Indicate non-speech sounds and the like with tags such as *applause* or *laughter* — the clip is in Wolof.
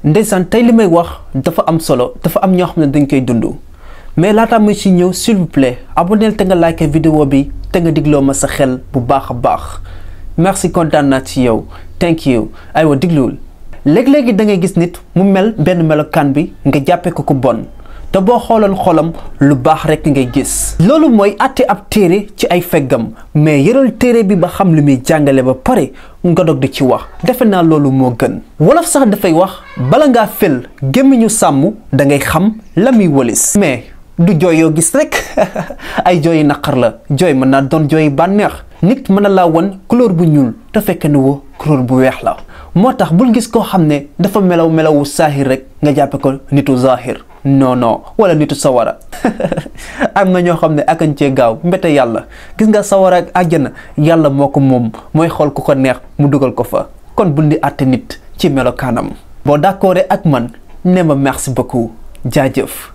ndeysaan tey li may wax dafa am solo dafa am ñoo xam ne dañ koy dund mais laata ma ci ñëw s'il vous plaît abonneel te nga like vidéo bi te nga digloo ma sa xel bu baax a baax merci kontaan naa ci yow thank you aywa digluwul léeg-léegi da ngay gis nit mu mel benn melokaan bi nga jàppee ko ku bon te boo xooloon xoolam lu baax rekk ngay gis loolu mooy àtte ab téere ci ay feggam mais yëral téere bi ba xam lu muy jàngale ba pare nga dog di ci wax defe naa loolu moo gën wolof sax dafay wax bala ngaa fel gémmiñu sàmm da ngay xam la muy wëlis mais du jooy yoo gis rekk *laughs* ay jooyi naqar la jooy mën naa doon jooyi bànneex nit mën na laa won couleur bu ñuul te fekk na woo couleur bu weex la moo tax bul gis koo xam ne dafa melaw melawu saahir rekk nga jàppe ko nitu zaahir non non wala nitu sawara *laughs* am na ñoo xam ne akañ cee gaaw mbete yàlla gis nga sawara ak àjjana yàlla moo ko moom mooy xool ku ko neex mu dugal ko fa kon bundi àtte nit ci melokaanam boo d'accordé ak man ne ma merci beaucoup jaajëf